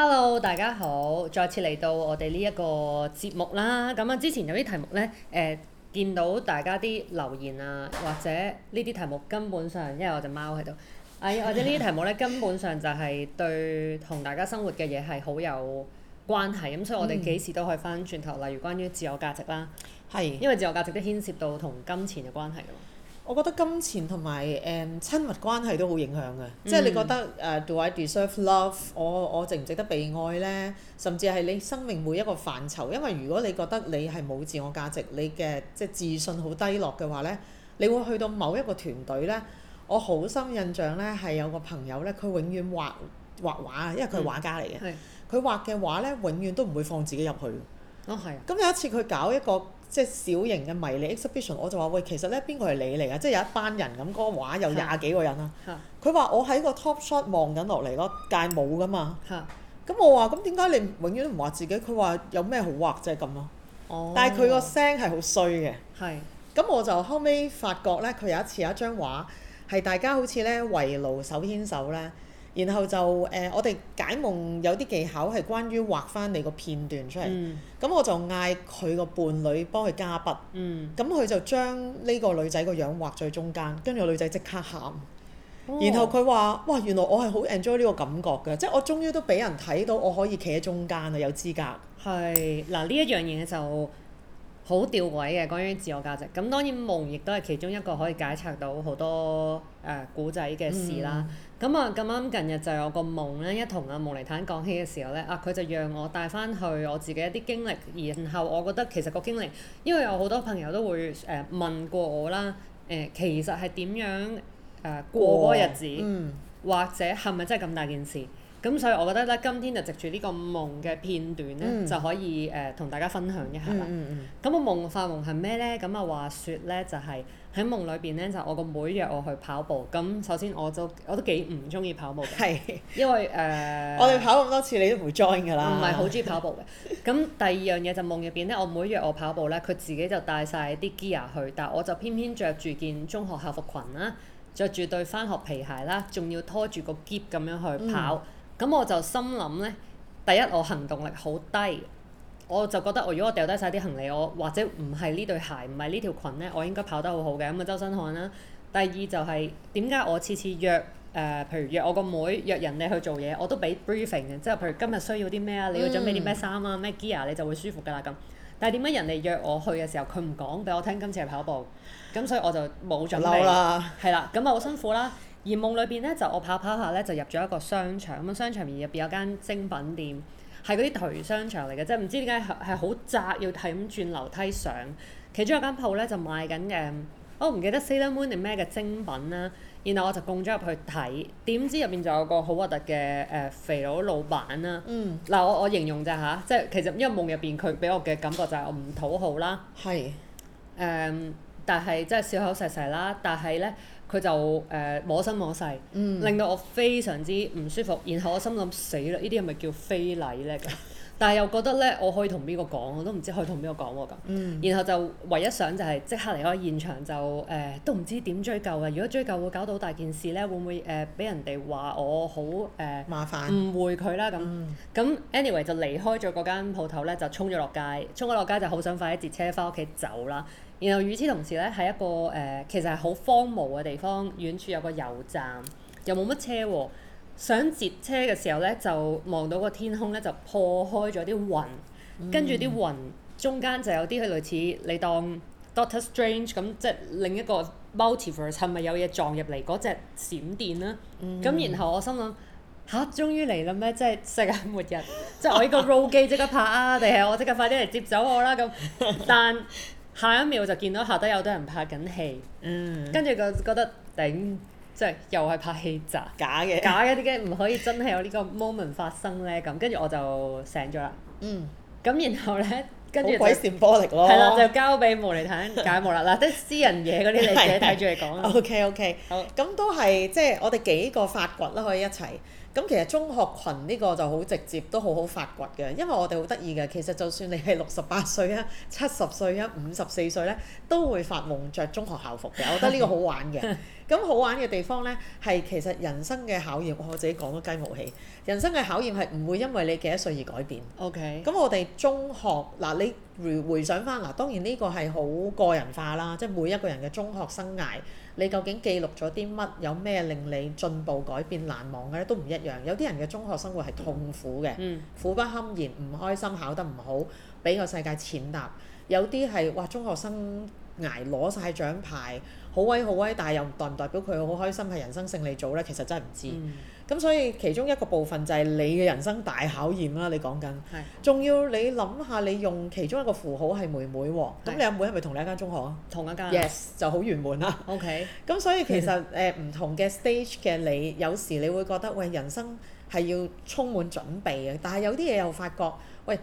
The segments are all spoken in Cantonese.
Hello，大家好，再次嚟到我哋呢一個節目啦。咁、嗯、啊，之前有啲題目呢，誒、呃、見到大家啲留言啊，或者呢啲題目根本上因為我隻貓喺度，或者呢啲題目呢 根本上就係對同大家生活嘅嘢係好有關係咁，所以我哋幾時都可以翻轉頭，嗯、例如關於自由價值啦，係是的 因為自由價值都牽涉到同金錢嘅關係㗎嘛。我覺得金錢同埋誒親密關係都好影響嘅，即係你覺得誒、嗯 uh, do I deserve love？我我值唔值得被愛呢？甚至係你生命每一個範疇，因為如果你覺得你係冇自我價值，你嘅即係自信好低落嘅話呢，你會去到某一個團隊呢。我好深印象呢，係有個朋友呢，佢永遠畫畫畫啊，因為佢係畫家嚟嘅，佢、嗯、畫嘅畫呢，永遠都唔會放自己入去。哦，係。咁有一次佢搞一個即係小型嘅迷你 exhibition，我就話喂，其實咧邊個係你嚟啊？即係有一班人咁，嗰、嗰個畫有廿幾個人啊，佢話是我喺個 top shot 望緊落嚟咯，界冇噶嘛。咁是我話咁點解你永遠都唔畫自己？佢話有咩好畫啫咁咯。哦、但係佢個聲係好衰嘅。係是。咁我就後尾發覺咧，佢有一次有一張畫係大家好似咧圍爐手牽手咧。然後就誒、呃，我哋解夢有啲技巧係關於畫翻你個片段出嚟。咁、嗯嗯、我就嗌佢個伴侶幫佢加筆。咁佢、嗯、就將呢個女仔個樣畫最中間，跟住個女仔即刻喊。然後佢話、哦，哇，原來我係好 enjoy 呢個感覺嘅，即係我終於都俾人睇到我可以企喺中間啊，有資格。係，嗱呢一樣嘢就好吊詭嘅，關於自我價值。咁當然夢亦都係其中一個可以解拆到好多誒古仔嘅事啦。嗯咁啊，咁啱、嗯、近日就有個夢咧，一同阿夢妮妲講起嘅時候咧，啊佢就讓我帶翻去我自己一啲經歷，然後我覺得其實個經歷，因為有好多朋友都會誒、呃、問過我啦，誒、呃、其實係點樣誒、呃、過嗰個日子，嗯、或者係咪真係咁大件事？咁所以我覺得咧，今天就藉住呢個夢嘅片段咧，嗯、就可以誒同、呃、大家分享一下啦。咁個、嗯嗯嗯、夢，發夢係咩咧？咁啊話説咧，就係、是、喺夢裏邊咧，就是、我個妹妹約我去跑步。咁首先我都我都幾唔中意跑步嘅，是因為誒、呃、我哋跑咁多次，你都唔 join 㗎啦。唔係好中意跑步嘅。咁、啊、 第二樣嘢就是、夢入邊咧，我妹約我跑步咧，佢自己就帶晒啲 gear 去，但係我就偏偏着住件中學校服裙啦，着住對翻學皮鞋啦，仲要拖住個喼咁樣去跑。嗯。咁我就心諗咧，第一我行動力好低，我就覺得我如果我掉低晒啲行李，我或者唔係呢對鞋，唔係呢條裙咧，我應該跑得好好嘅，咁啊周身汗啦。第二就係點解我次次約誒、呃，譬如約我個妹妹約人哋去做嘢，我都俾 briefing 嘅，即係譬如今日需要啲咩啊，你要準備啲咩衫啊咩 gear，你就會舒服㗎啦咁。但係點解人哋約我去嘅時候，佢唔講俾我聽今次係跑步，咁所以我就冇準備，係啦，咁啊好辛苦啦。而夢裏邊咧，就我跑跑下咧，就入咗一個商場。咁、嗯、啊，商場入面邊面有間精品店，係嗰啲頹商場嚟嘅啫。唔知點解係好窄，要係咁轉樓梯上。其中有一間鋪咧，就賣緊嘅，我、哦、唔記得 Sailor Moon 定咩嘅精品啦。然後我就共咗入去睇，點知入邊就有個好核突嘅誒肥佬老，老闆、嗯、啦。嗯。嗱，我我形容咋吓，即係其實因為夢入邊佢俾我嘅感覺就係我唔討好啦。係是。誒、嗯，但係即係笑口噬噬啦，但係咧。佢就誒、呃、摸身摸勢，嗯、令到我非常之唔舒服。然後我心諗死啦，呢啲係咪叫非禮呢？ 但係又覺得呢，我可以同邊個講？我都唔知可以同邊個講喎咁。嗯、然後就唯一想就係即刻離開現場就，就、呃、誒都唔知點追究嘅、啊。如果追究會搞到大件事呢，會唔會誒俾、呃、人哋話我好誒？呃、麻煩煩。誤會佢啦咁。咁、嗯、anyway 就離開咗嗰間鋪頭就衝咗落街，衝咗落街就好想快啲截車翻屋企走啦。然後與此同時咧，喺一個誒、呃，其實係好荒蕪嘅地方，遠處有個油站，又冇乜車喎、哦。想截車嘅時候咧，就望到個天空咧就破開咗啲雲，跟住啲雲中間就有啲係類似你當 Doctor Strange 咁，即係另一個 Multiverse 係咪有嘢撞入嚟嗰隻閃電啊？咁、嗯、然後我心諗吓、啊，終於嚟啦咩？即係世界末日？ 即係我呢個 roll 機即刻拍啊？定係我即刻快啲嚟接走我啦？咁但 下一秒就見到下低有多人拍緊戲，跟住覺覺得頂，即係又係拍戲咋？假嘅。假嘅點解唔可以真係有呢個 moment 發生咧，咁跟住我就醒咗啦。嗯。咁然後咧，跟住鬼閃玻璃咯。係啦，就交俾夢妮妲解夢啦嗱，即係私人嘢嗰啲你自己睇住嚟講啦。O K O K，好。咁、okay, okay. okay. okay. okay. 都係即係我哋幾個發掘啦，可以一齊。咁其實中學群呢個就好直接，都好好發掘嘅，因為我哋好得意嘅。其實就算你係六十八歲啊、七十歲啊、五十四歲咧，都會發夢着中學校服嘅。我覺得呢個好玩嘅。咁 好玩嘅地方咧，係其實人生嘅考驗，我自己講咗雞毛戲。人生嘅考驗係唔會因為你幾多歲而改變。OK。咁我哋中學嗱，你回回想翻嗱，當然呢個係好個人化啦，即係每一個人嘅中學生涯。你究竟記錄咗啲乜？有咩令你進步改變難忘嘅咧？都唔一樣。有啲人嘅中學生活係痛苦嘅，嗯、苦不堪言，唔開心，考得唔好，俾個世界踐踏。有啲係哇，中學生捱攞晒獎牌，好威好威，但係又代唔代表佢好開心係人生勝利組呢？其實真係唔知。嗯咁、嗯、所以其中一個部分就係你嘅人生大考驗啦。你講緊，仲是要你諗下，你用其中一個符號係妹妹喎，咁是你阿妹係咪同你一間中學啊？同一間、啊、yes 就好圓滿啦。OK，咁、嗯、所以其實誒唔、呃、同嘅 stage 嘅你，有時你會覺得喂人生係要充滿準備嘅，但係有啲嘢又發覺喂，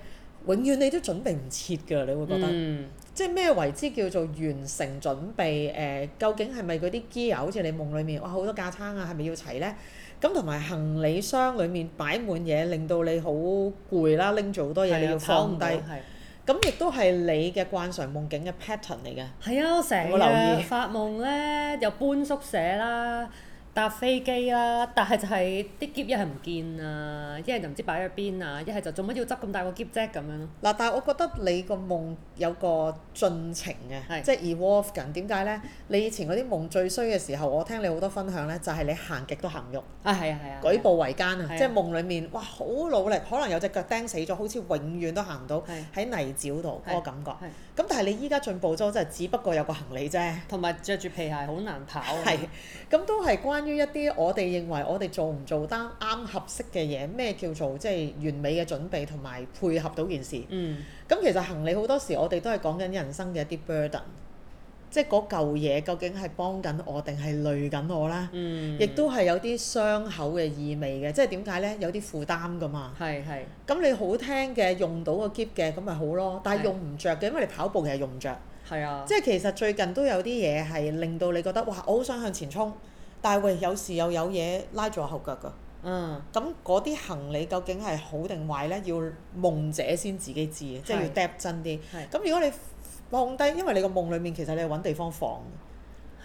永遠你都準備唔切㗎。你會覺得，嗯、即係咩為之叫做完成準備？誒、呃，究竟係咪嗰啲 gear 好似你夢裡面哇好多架撐啊，係咪要齊呢？」咁同埋行李箱裏面擺滿嘢，令到你好攰啦，拎住好多嘢的你要放低。咁亦都係你嘅慣常夢境嘅 pattern 嚟嘅。係啊，我成日發夢呢，又搬宿舍啦。搭飛機啦、啊，但係就係啲篋一係唔見啊，一係就唔知擺咗邊啊，一係就做乜要執咁大個篋啫咁樣咯。嗱，但係我覺得你個夢有個進程嘅，是即係 evolving 點解呢？你以前嗰啲夢最衰嘅時候，我聽你好多分享呢，就係你行極都行喐，啊，啊啊舉步維艱啊，啊即係夢裡面哇好努力，可能有隻腳釘死咗，好似永遠都行唔到喺是泥沼度嗰、那個感覺。咁但係你依家進步咗，真係只不過有個行李啫，同埋着住皮鞋好難跑。係，咁都係關於一啲我哋認為我哋做唔做得啱合適嘅嘢，咩叫做即係完美嘅準備同埋配合到件事。嗯，咁其實行李好多時我哋都係講緊人生嘅一啲 burden。即係嗰嚿嘢究竟係幫緊我定係累緊我咧？嗯、亦都係有啲傷口嘅意味嘅。即係點解呢？有啲負擔噶嘛。咁是是 你好聽嘅用到個 gear 嘅，咁咪好咯。但係用唔着嘅，因為你跑步其實用唔着。是啊、即係其實最近都有啲嘢係令到你覺得哇！我好想向前衝，但係喂，有時又有嘢拉住我後腳噶。嗯。咁嗰啲行李究竟係好定壞呢？要夢者先自己知，即係要 dep 真啲。係的。咁如果你放低，因為你個夢裡面其實你係揾地方放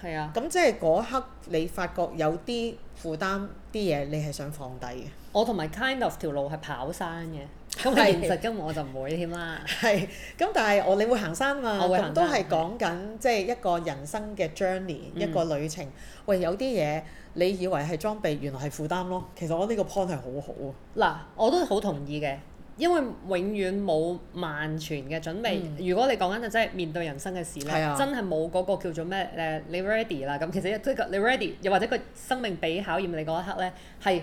嘅。係啊。咁、嗯、即係嗰刻你發覺有啲負擔啲嘢，你係想放低嘅。我同埋 kind of 條路係跑山嘅。咁係是現實根本我就唔會添啦。係。咁但係我你會行山啊嘛。我都係講緊即係一個人生嘅 journey，的一個旅程。嗯、喂，有啲嘢你以為係裝備，原來係負擔咯。其實我呢個 point 係好好啊。嗱，我都好同意嘅。因為永遠冇萬全嘅準備。嗯、如果你講緊就真係面對人生嘅事咧，是啊、真係冇嗰個叫做咩誒，你 ready 啦，咁其實一個你 ready，又或者佢生命俾考驗你嗰一刻咧，係。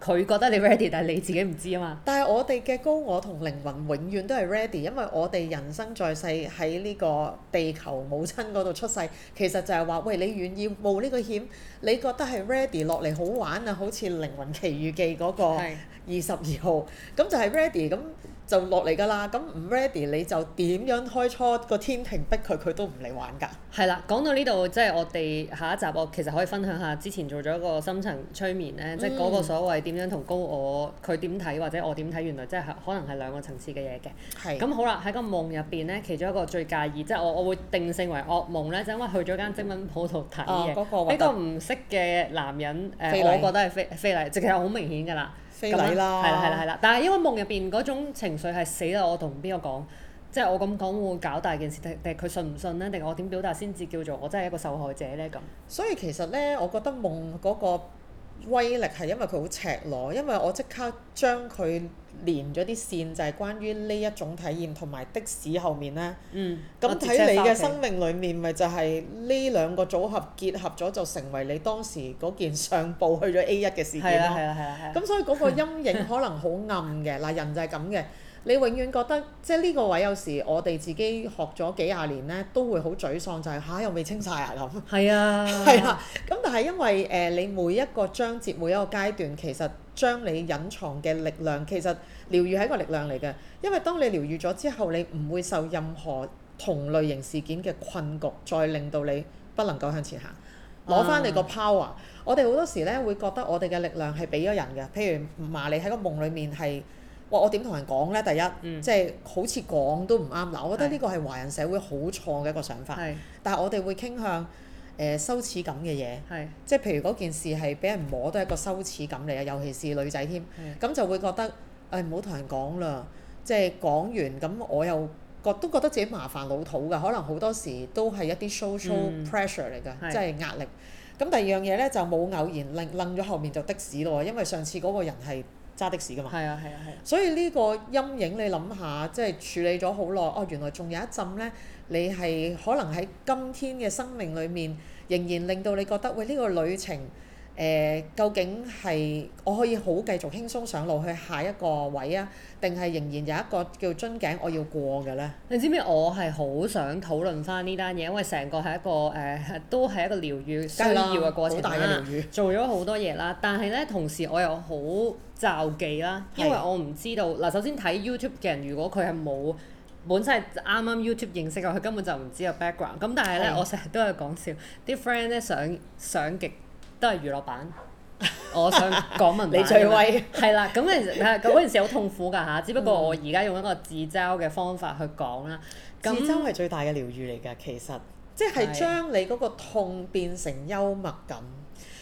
佢覺得你 ready，但係你自己唔知啊嘛。但係我哋嘅高我同靈魂永遠都係 ready，因為我哋人生在世喺呢個地球母親嗰度出世，其實就係話：喂，你願意冒呢個險？你覺得係 ready 落嚟好玩啊？好似《靈魂奇遇記》嗰個二十二號，咁是就係 ready 咁。就落嚟㗎啦，咁唔 ready 你就點樣開錯個天庭逼佢，佢都唔嚟玩㗎。係啦，講到呢度即係我哋下一集，我其實可以分享下之前做咗一個深層催眠咧，即係嗰個所謂點樣同高我佢點睇或者我點睇，原來即係可能係兩個層次嘅嘢嘅。係是。咁好啦，喺個夢入邊咧，其中一個最介意即係、就是、我我會定性為噩夢咧，就是、因為去咗間精文鋪度睇嘅。哦，嗰個呢個唔識嘅男人誒，禮呃、我，我覺得係非非禮，直情好明顯㗎啦。飛鬼啦！係啦係啦係啦，但係因為夢入邊嗰種情緒係死啦，我同邊個講，即係我咁講會搞大件事，定定佢信唔信咧？定係我點表達先至叫做我真係一個受害者咧？咁所以其實咧，我覺得夢嗰個。威力係因為佢好赤裸，因為我即刻將佢連咗啲線，就係、是、關於呢一種體驗同埋的士後面呢。嗯，咁睇你嘅生命裡面，咪就係呢兩個組合結合咗，就成為你當時嗰件上報去咗 A 一嘅事件咯。咁所以嗰個陰影可能好暗嘅，嗱 人就係咁嘅。你永遠覺得即係呢個位，有時我哋自己學咗幾廿年呢，都會好沮喪，就係嚇又未清晒啊咁。係啊，係啦。咁 是、啊 啊、但係因為誒、呃，你每一個章節、每一個階段，其實將你隱藏嘅力量，其實療愈係一個力量嚟嘅。因為當你療愈咗之後，你唔會受任何同類型事件嘅困局，再令到你不能夠向前行。攞翻你個 power、啊、我哋好多時呢會覺得我哋嘅力量係俾咗人嘅，譬如麻利喺個夢裡面係。哇！我點同人講呢？第一，即係、嗯、好似講都唔啱。嗱，我覺得呢個係華人社會好錯嘅一個想法。是但係我哋會傾向、呃、羞恥感嘅嘢。即係是譬如嗰件事係俾人摸都係一個羞恥感嚟嘅，尤其是女仔添。係、嗯。咁就會覺得誒唔好同人講啦。即係講完咁，我又覺都覺得自己麻煩老土㗎。可能好多時都係一啲 social pressure 嚟㗎，即係、嗯、壓力。咁第二樣嘢呢，就冇偶然，愣愣咗後面就的士咯，因為上次嗰個人係。揸的士㗎嘛，係啊，係啊，係啊。啊所以呢個陰影你諗下，即係處理咗好耐，哦，原來仲有一陣呢，你係可能喺今天嘅生命裏面，仍然令到你覺得，喂，呢個旅程。誒、呃，究竟係我可以好繼續輕鬆上路去下一個位啊？定係仍然有一個叫樽頸我要過嘅呢？你知唔知我係好想討論翻呢單嘢，因為成個係一個誒、呃，都係一個療愈需要嘅過程，好大嘅療愈。做咗好多嘢啦，但係呢，同時我又好就忌啦，因為我唔知道嗱。是首先睇 YouTube 嘅人，如果佢係冇本身係啱啱 YouTube 認識嘅，佢根本就唔知有 background。咁但係呢，嗯、我成日都係講笑啲 friend 呢，想想極。都係娛樂版，我想講問你最威， 翠瑞 啊、係啦。咁嗰陣時好痛苦㗎嚇，只不過我而家用一個自嘲嘅方法去講啦。嗯、自嘲係最大嘅療愈嚟㗎，其實即係將你嗰個痛變成幽默感。的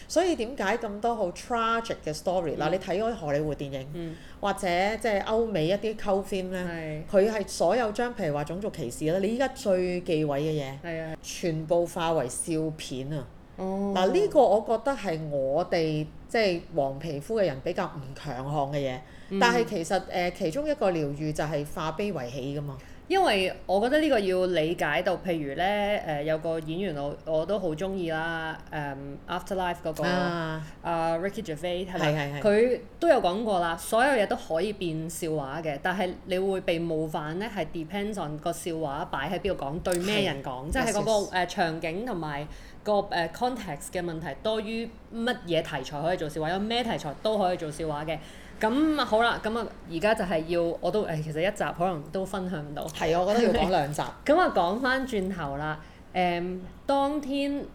所以點解咁多好 tragic 嘅 story？嗱，嗯、你睇嗰啲荷里活電影，嗯、或者即係歐美一啲 cult film 咧是，佢係所有將譬如話種族歧視啦，你依家最忌諱嘅嘢，全部化為笑片啊！嗱呢、嗯啊呢個我覺得係我哋即係黃皮膚嘅人比較唔強項嘅嘢，嗯、但係其實誒、呃、其中一個療愈就係化悲為喜噶嘛。因為我覺得呢個要理解到，譬如咧誒、呃、有個演員我我都好中意啦，誒、um, Afterlife 嗰、那個啊、uh, Ricky Gervais 係咪？佢是都有講過啦，所有嘢都可以變笑話嘅，但係你會被冒犯咧，係 depends on 個笑話擺喺邊度講，對咩人講，即係嗰個誒場景同埋。個誒 context 嘅問題多於乜嘢題材可以做笑話，有咩題材都可以做笑話嘅。咁好啦，咁啊而家就係要我都誒、哎，其實一集可能都分享唔到。係啊，我覺得要講兩集。咁啊， 講翻轉頭啦，誒當天。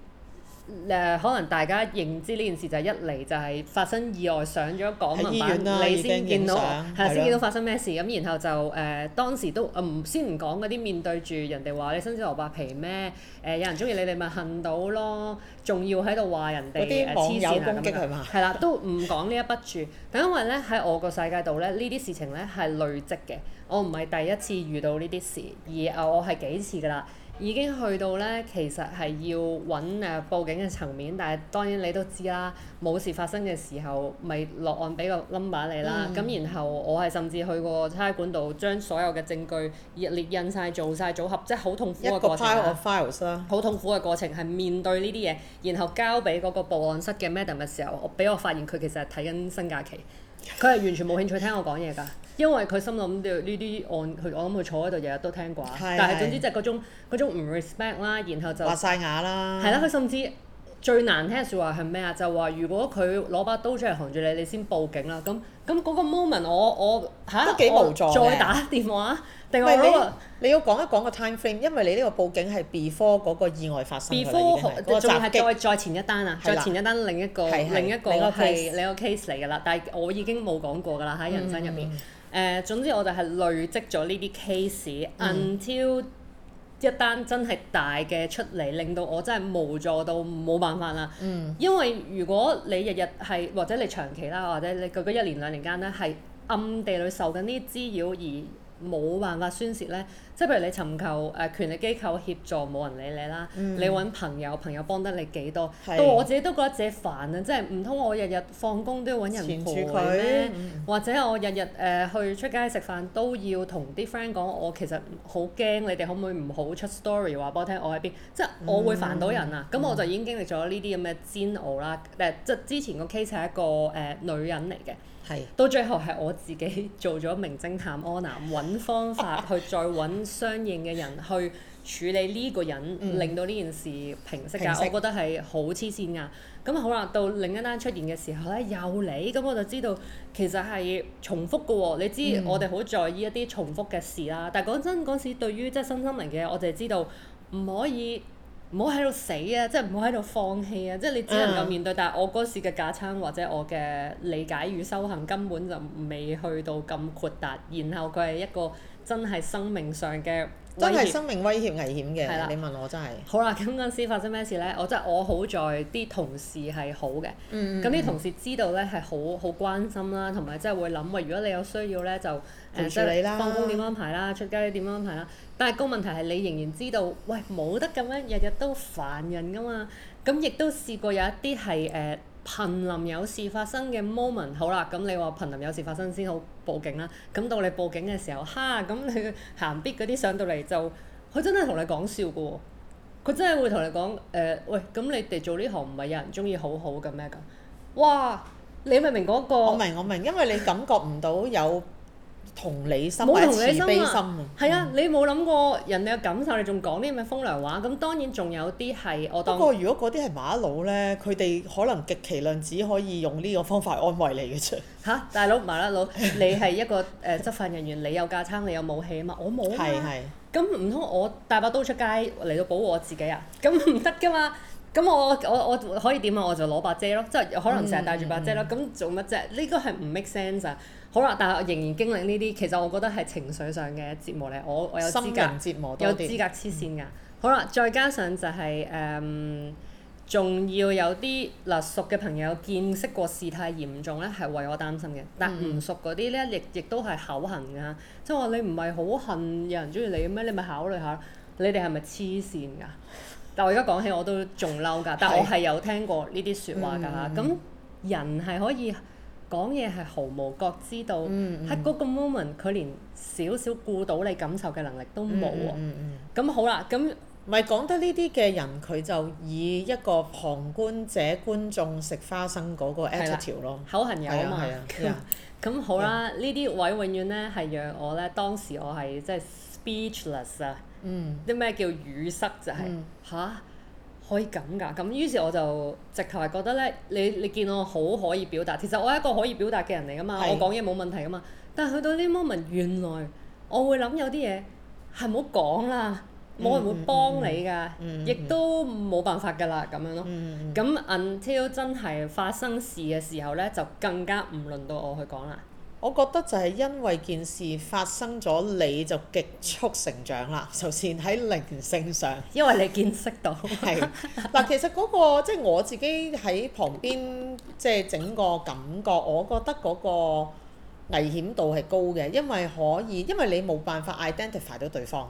誒、呃、可能大家認知呢件事就係一嚟就係發生意外上咗港聞版，啊、你先見到係先見到發生咩事，咁對了 然後就誒、呃、當時都唔、呃、先唔講嗰啲面對住人哋話你新鮮蘿蔔皮咩？誒、呃、有人中意你哋咪恨到咯，仲要喺度話人哋啲黐線攻擊啊咁嘛。係啦，吧都唔講呢一筆住。但因為咧喺我個世界度咧，呢啲事情咧係累積嘅，我唔係第一次遇到呢啲事，而啊我係幾次㗎喇。已經去到呢，其實係要揾誒、啊、報警嘅層面，但係當然你都知啦，冇事發生嘅時候咪落案俾個 number 你啦。咁、嗯、然後我係甚至去過差館度，將所有嘅證據列印晒，做晒組合，即係好痛苦嘅過程一個 file 好、啊、of files 好痛苦嘅過程係、uh, 面對呢啲嘢，然後交俾嗰個報案室嘅 madam 嘅時候，我俾我發現佢其實係睇緊新假期，佢係完全冇興趣聽我講嘢㗎。 因為佢心諗呢啲案，佢我諗佢坐喺度日日都聽過。但係總之就係嗰種嗰種唔 respect 啦，然後就話晒牙啦。係啦，佢甚至最難聽説話係咩啊？就話如果佢攞把刀出嚟纏住你，你先報警啦。咁咁嗰個 moment 我我嚇都幾無助再打電話定係嗰個？你要講一講個 time frame，因為你呢個報警係 before 嗰個意外發生。before 個襲擊。再前一單啊！再前一單另一個另一個係呢個 case 嚟㗎啦。但係我已經冇講過㗎啦喺人生入面。誒、呃，總之我哋係累積咗呢啲 case，until 一單真係大嘅出嚟，令到我真係無助到冇辦法啦。嗯、因為如果你日日係或者你長期啦，或者你嗰嗰一年兩年間呢，係暗地裏受緊啲滋擾而，冇辦法宣泄呢，即係譬如你尋求誒、呃、權力機構協助，冇人理你啦。嗯、你揾朋友，朋友幫得你幾多？是的 到我自己都覺得自己煩啊！即係唔通我日日放工都要揾人陪咩？嗯嗯、或者我日日誒去出街食飯都要同啲 friend 講，我其實好驚，你哋可唔可以唔好出 story 話畀我聽我喺邊？即係我會煩到人啊！咁、嗯嗯、我就已經經歷咗呢啲咁嘅煎熬啦。誒、呃，即係之前個 case 係一個誒、呃呃、女人嚟嘅。係到最後係我自己做咗名偵探柯南，揾方法去再揾相應嘅人去處理呢個人， 嗯、令到呢件事平息㗎。息我覺得係好黐線㗎。咁好啦，到另一單出現嘅時候咧，又嚟，咁我就知道其實係重複嘅喎。你知我哋好在意一啲重複嘅事啦。嗯、但係講真嗰時，時對於即係新生靈嘅，我就係知道唔可以，唔好喺度死啊！即係唔好喺度放棄啊！即係你只能夠面對。嗯、但係我嗰時嘅架撐或者我嘅理解與修行根本就未去到咁豁達，然後佢係一個真係生命上嘅。真係生命威脅、危險嘅。係啦了，你問我真係。好啦、啊，咁嗰陣時發生咩事咧？我真係我好在啲同事係好嘅。嗯，咁啲同事知道咧係好好關心啦，同埋真係會諗喂，如果你有需要咧就。護住你啦。放工點安排啦？出街點安排啦？但係個問題係你仍然知道喂，冇得咁樣日日都煩人㗎嘛。咁亦都試過有一啲係誒。呃瀕臨有事發生嘅 moment，好啦，咁、嗯、你話瀕臨有事發生先好報警啦。咁、嗯、到你報警嘅時候，哈，咁、嗯、你行必嗰啲上到嚟就，佢真係同你講笑噶喎、哦，佢真係會同你講，誒、呃，喂，咁、嗯、你哋做呢行唔係有人鍾意好好嘅咩㗎？哇，你明唔、那個、明嗰個？我明我明，因為你感覺唔到有。 同理心，冇同理心、慈悲心，係啊，你冇諗過人哋嘅感受，你仲講啲咁嘅風涼話，咁當然仲有啲係我當。不過如果嗰啲係馬佬咧，佢哋可能極其量只可以用呢個方法安慰你嘅啫。嚇，大佬麻甩佬， 你係一個誒、呃、執法人員，你有架撐，你有武器啊嘛，我冇啊，係係，咁唔通我帶把刀出街嚟到保護我自己啊？咁唔得㗎嘛！咁我我我，我可以點啊？我就攞把遮咯，即係可能成日帶住把遮咯。咁、嗯、做乜啫？呢、呢個係唔 make sense 啊！好啦，但我仍然經歷呢啲，其實我覺得係情緒上嘅折磨嚟。我我有資格，折磨有資格黐線㗎。嗯、好啦，再加上就係、是、誒，仲、嗯、要有啲嗱、呃、熟嘅朋友見識過事態嚴重咧，係為我擔心嘅。但唔熟嗰啲咧，亦亦都係口痕㗎，即係話你唔係好恨有人中意你咩？你咪考慮下，你哋係咪黐線㗎？但我而家講起我都仲嬲㗎，但我係有聽過呢啲説話㗎嚇。咁是、嗯、人係可以。講嘢係毫無覺知道喺嗰個 moment，佢連少少顧到你感受嘅能力都冇啊！咁、嗯嗯嗯、好啦，咁咪講得呢啲嘅人，佢就以一個旁觀者觀眾食花生嗰個 attitude 咯，口痕友啊嘛，係啊，咁好啦，呢啲 yeah. 位永遠咧係讓我咧當時我係即係 speechless 啊！啲咩、嗯、叫語塞就係、是、嚇。嗯可以咁㗎，咁於是我就直頭係覺得咧，你你見到我好可以表達，其實我係一個可以表達嘅人嚟噶嘛，是的 我講嘢冇問題噶嘛。但係去到呢 moment，原來我會諗有啲嘢係冇講啦，冇、mm hmm. 人會幫你㗎，亦、mm hmm. 都冇辦法㗎啦，咁樣咯。咁、mm hmm. until 真係發生事嘅時候咧，就更加唔輪到我去講啦。我覺得就係因為件事發生咗，你就極速成長啦，首先喺靈性上，因為你見識到。係。 嗱，其實嗰、嗰個即係我自己喺旁邊，即係整個感覺，我覺得嗰個危險度係高嘅，因為可以，因為你冇辦法 identify 到對方，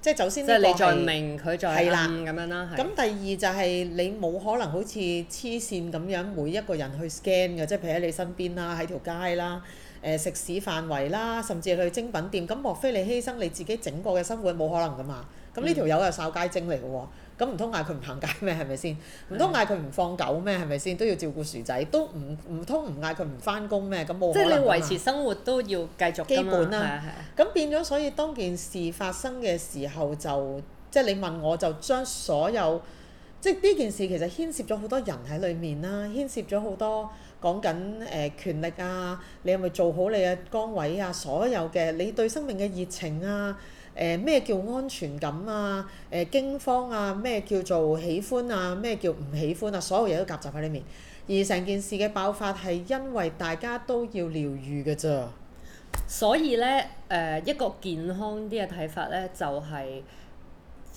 即係首先呢個係明佢喺暗咁的樣啦。咁第二就係你冇可能好似黐線咁樣每一個人去 scan 嘅，即係譬如喺你身邊啦，喺條街啦。誒、呃、食肆範圍啦，甚至去精品店，咁莫非你犧牲你自己整個嘅生活，冇可能噶嘛？咁呢條友又受街精嚟嘅喎，咁唔通嗌佢唔行街咩？係咪先？唔通嗌佢唔放狗咩？係咪先？都要照顧薯仔，都唔唔通唔嗌佢唔返工咩？咁冇即係你維持生活都要繼續基本啦、啊。咁是是 變咗，所以當件事發生嘅時候就，就即、是、係你問我就將所有，即係呢件事其實牽涉咗好多人喺裡面啦，牽涉咗好多。講緊誒、呃、權力啊，你係咪做好你嘅崗位啊？所有嘅你對生命嘅熱情啊，誒、呃、咩叫安全感啊，誒驚慌啊，咩叫做喜歡啊，咩叫唔喜歡啊？所有嘢都夾雜喺裏面，而成件事嘅爆發係因為大家都要療癒嘅啫。所以呢，誒、呃、一個健康啲嘅睇法呢，就係、是、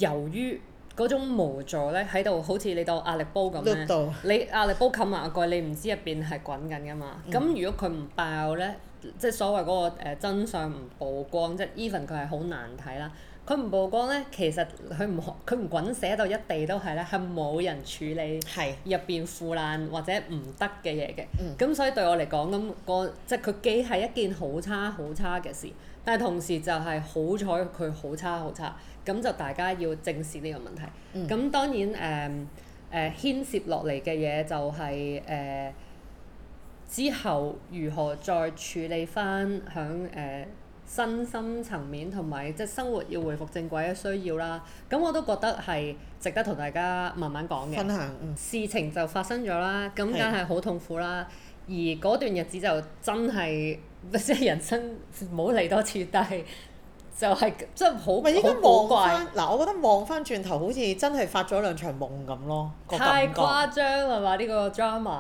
由於。嗰種無助咧，喺度好似你當壓力煲咁咧， 你壓力煲冚埋個蓋，你唔知入邊係滾緊㗎嘛。咁如果佢唔爆咧，即係所謂嗰個誒真相唔曝光，即係 even 佢係好難睇啦。佢唔曝光咧，其實佢唔佢唔滾瀉到一地都係咧，係冇人處理入邊腐爛或者唔得嘅嘢嘅。咁 所以對我嚟講，咁、嗰個即係佢既係一件好差好差嘅事，但係同時就係好彩佢好差好差。咁就大家要正視呢個問題。咁、嗯、當然誒誒、呃呃、牽涉落嚟嘅嘢就係、是、誒、呃、之後如何再處理返喺誒身心層面同埋即係生活要回復正軌嘅需要啦。咁我都覺得係值得同大家慢慢講嘅。分享。嗯、事情就發生咗啦，咁梗係好痛苦啦。是的 而嗰段日子就真係即係人生唔好嚟多次，但係。就係、是、真係好古怪。嗱、啊，我覺得望翻轉頭好似真係發咗兩場夢咁咯，太誇張啦嘛！呢、這個 drama。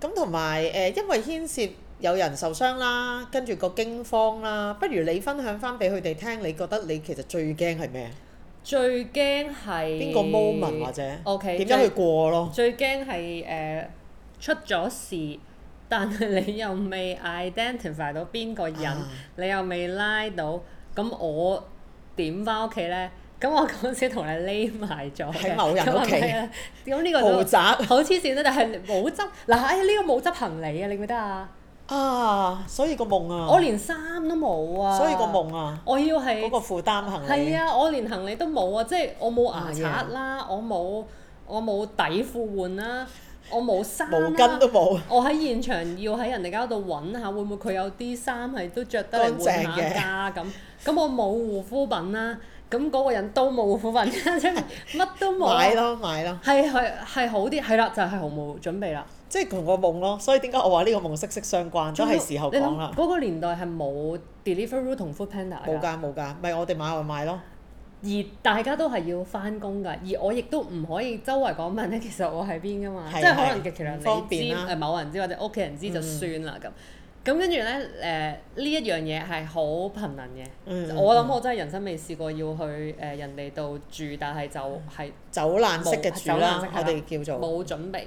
咁同埋誒，因為牽涉有人受傷啦，跟住個驚慌啦，不如你分享翻俾佢哋聽，你覺得你其實最驚係咩？最驚係邊個 moment 或者 OK 點解佢過咯？最驚係誒出咗事，但係你又未 identify 到邊個人，啊、你又未拉到。咁我點返屋企咧？咁我嗰陣時同你匿埋咗喺某人屋企，咁呢 個冇執好黐線啦！但係冇執嗱喺呢個冇執行李啊！你唔覺得啊？啊！所以個夢啊，我連衫都冇啊！所以個夢啊，我要係嗰個負擔行李。係啊，我連行李都冇、就是嗯、啊！即係我冇牙刷啦，我冇我冇底褲換啦。我冇衫啊。毛巾都冇。我喺現場要喺人哋間度揾下，會唔會佢有啲衫係都着得正換下家咁淨？咁我冇護膚品啦、啊，咁嗰個人都冇護膚品、啊，即係乜都冇。買咯買咯，係係係好啲，係啦就係、係、毫無準備啦。即係同個夢咯，所以點解我話呢個夢息息相關麼都係時候講啦。嗰個年代係冇 delivery 同 food panda 冇㗎，冇㗎，咪我哋買外賣咯。而大家都係要翻工㗎，而我亦都唔可以周圍講問咧，其實我喺邊㗎嘛，即係可能其實你唔方便某人知或者屋企人知就算啦咁。咁跟住咧誒，呢一樣嘢係好頻能嘅，我諗我真係人生未試過要去誒，人哋度住，但係就係走難式嘅住啦，我哋叫做冇準備。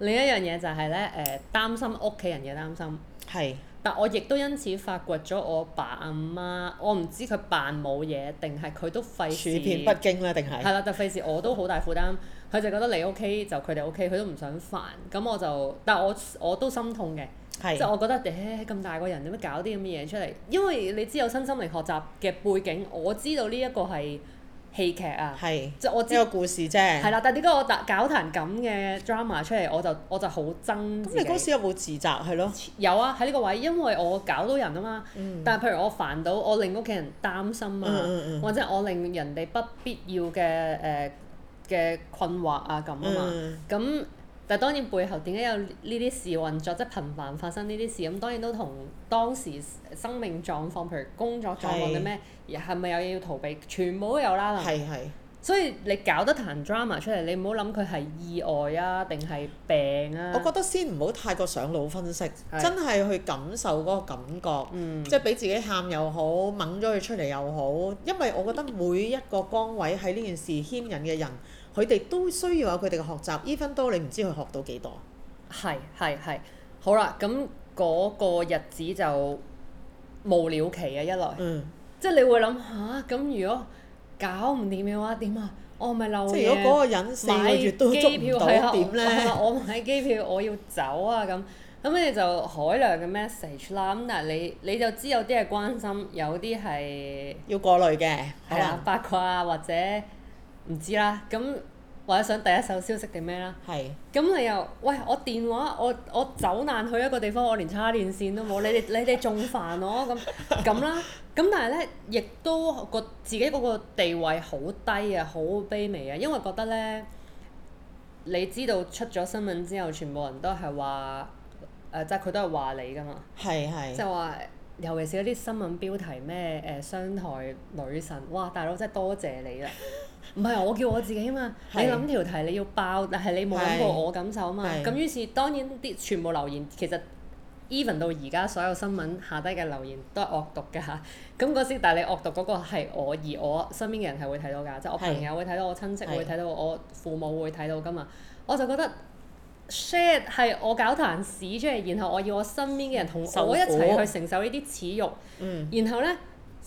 另一樣嘢就係咧誒，擔心屋企人嘅擔心係。但我亦都因此發掘咗我爸阿媽，我唔知佢扮冇嘢定係佢都費事。處遍不經啦、啊，定係？係啦，就費事，我都好大負擔。佢 就覺得你 OK 就佢哋 OK，佢都唔想煩。咁我就，但我我都心痛嘅，即係是我覺得，誒、欸、咁大個人點解搞啲咁嘅嘢出嚟？因為你知有新心理學習嘅背景，我知道呢一個係。戲劇啊，即係是我知個故事啫，係啦。但點解我搞彈咁嘅 drama 出嚟，我就我就好憎。咁你嗰時有冇自責？係咯。有啊，喺呢個位，因為我搞到人啊嘛。嗯、但係譬如我煩到我令屋企人擔心啊，嗯嗯嗯或者我令人哋不必要嘅誒嘅困惑啊咁啊嘛。咁、嗯嗯嗯但當然背後點解有呢啲事運作，即係頻繁發生呢啲事咁，當然都同當時生命狀況，譬如工作狀況嘅咩，係咪係有嘢要逃避，全部都有啦，係咪？所以你搞得彈 drama 出嚟，你唔好諗佢係意外啊，定係病啊。我覺得先唔好太過上腦分析，是真係去感受嗰個感覺，即係俾自己喊又好，掹咗佢出嚟又好。因為我覺得每一個崗位喺呢件事牽引嘅人，佢哋都需要有佢哋嘅學習。依分多，你唔知佢學到幾多。係係係，好啦，咁嗰個日子就無了期啊一來，嗯、即係你會諗吓，咁、啊、如果。搞唔掂嘅話點啊？我咪漏咗，即係如果嗰個人買機票係點咧？我買機票我要走啊咁。咁你就海量嘅 message 啦。咁但係你，你就知有啲係關心，有啲係要過濾嘅，係啊八卦吧、啊、或者唔知啦。咁。或者想第一手消息定咩啦？咁是你又喂我電話，我我走難去一個地方，我連叉電線都冇，你哋 你哋仲煩我咁咁啦。咁但係咧，亦都覺自己嗰個地位好低啊，好卑微啊，因為覺得咧，你知道出咗新聞之後，全部人都係話，誒即係佢都係話你㗎嘛。係係是。就話，尤其是嗰啲新聞標題咩，誒商台女神，哇大佬真係多謝你啦！ 唔係我叫我自己嘛？是你諗條題你要爆，但係你冇諗過我感受啊嘛。咁於是當然啲全部留言其實 even 到而家所有新聞下低嘅留言都係惡毒㗎。咁嗰時但係你惡毒嗰個係我，而我身邊嘅人係會睇到㗎，即係是我朋友會睇到，我親戚是會睇到，我父母會睇到㗎嘛。我就覺得 share 係我搞壇屎出嚟，然後我要我身邊嘅人同我一齊去承受呢啲恥辱。嗯、然後呢，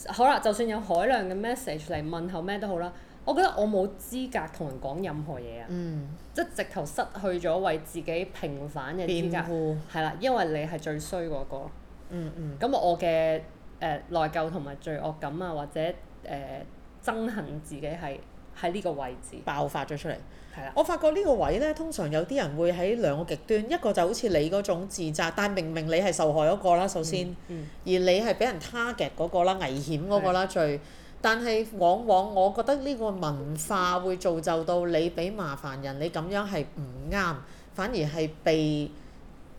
好啦，就算有海量嘅 message 嚟問候咩都好啦。我覺得我冇資格同人講任何嘢啊！嗯、即係直頭失去咗為自己平反嘅資格，係啦，因為你係最衰嗰個。嗯嗯。咁我嘅誒內疚同埋罪惡感啊，或者誒、呃、憎恨自己係喺呢個位置爆發咗出嚟。係啦。我發覺呢個位咧，通常有啲人會喺兩個極端，一個就好似你嗰種自責，但係明明你係受害嗰個啦，首先。嗯嗯嗯，而你係俾人 target 嗰個啦，危險嗰個啦，最。但係往往我覺得呢個文化會造就到你俾麻煩人，你咁樣係唔啱，反而係被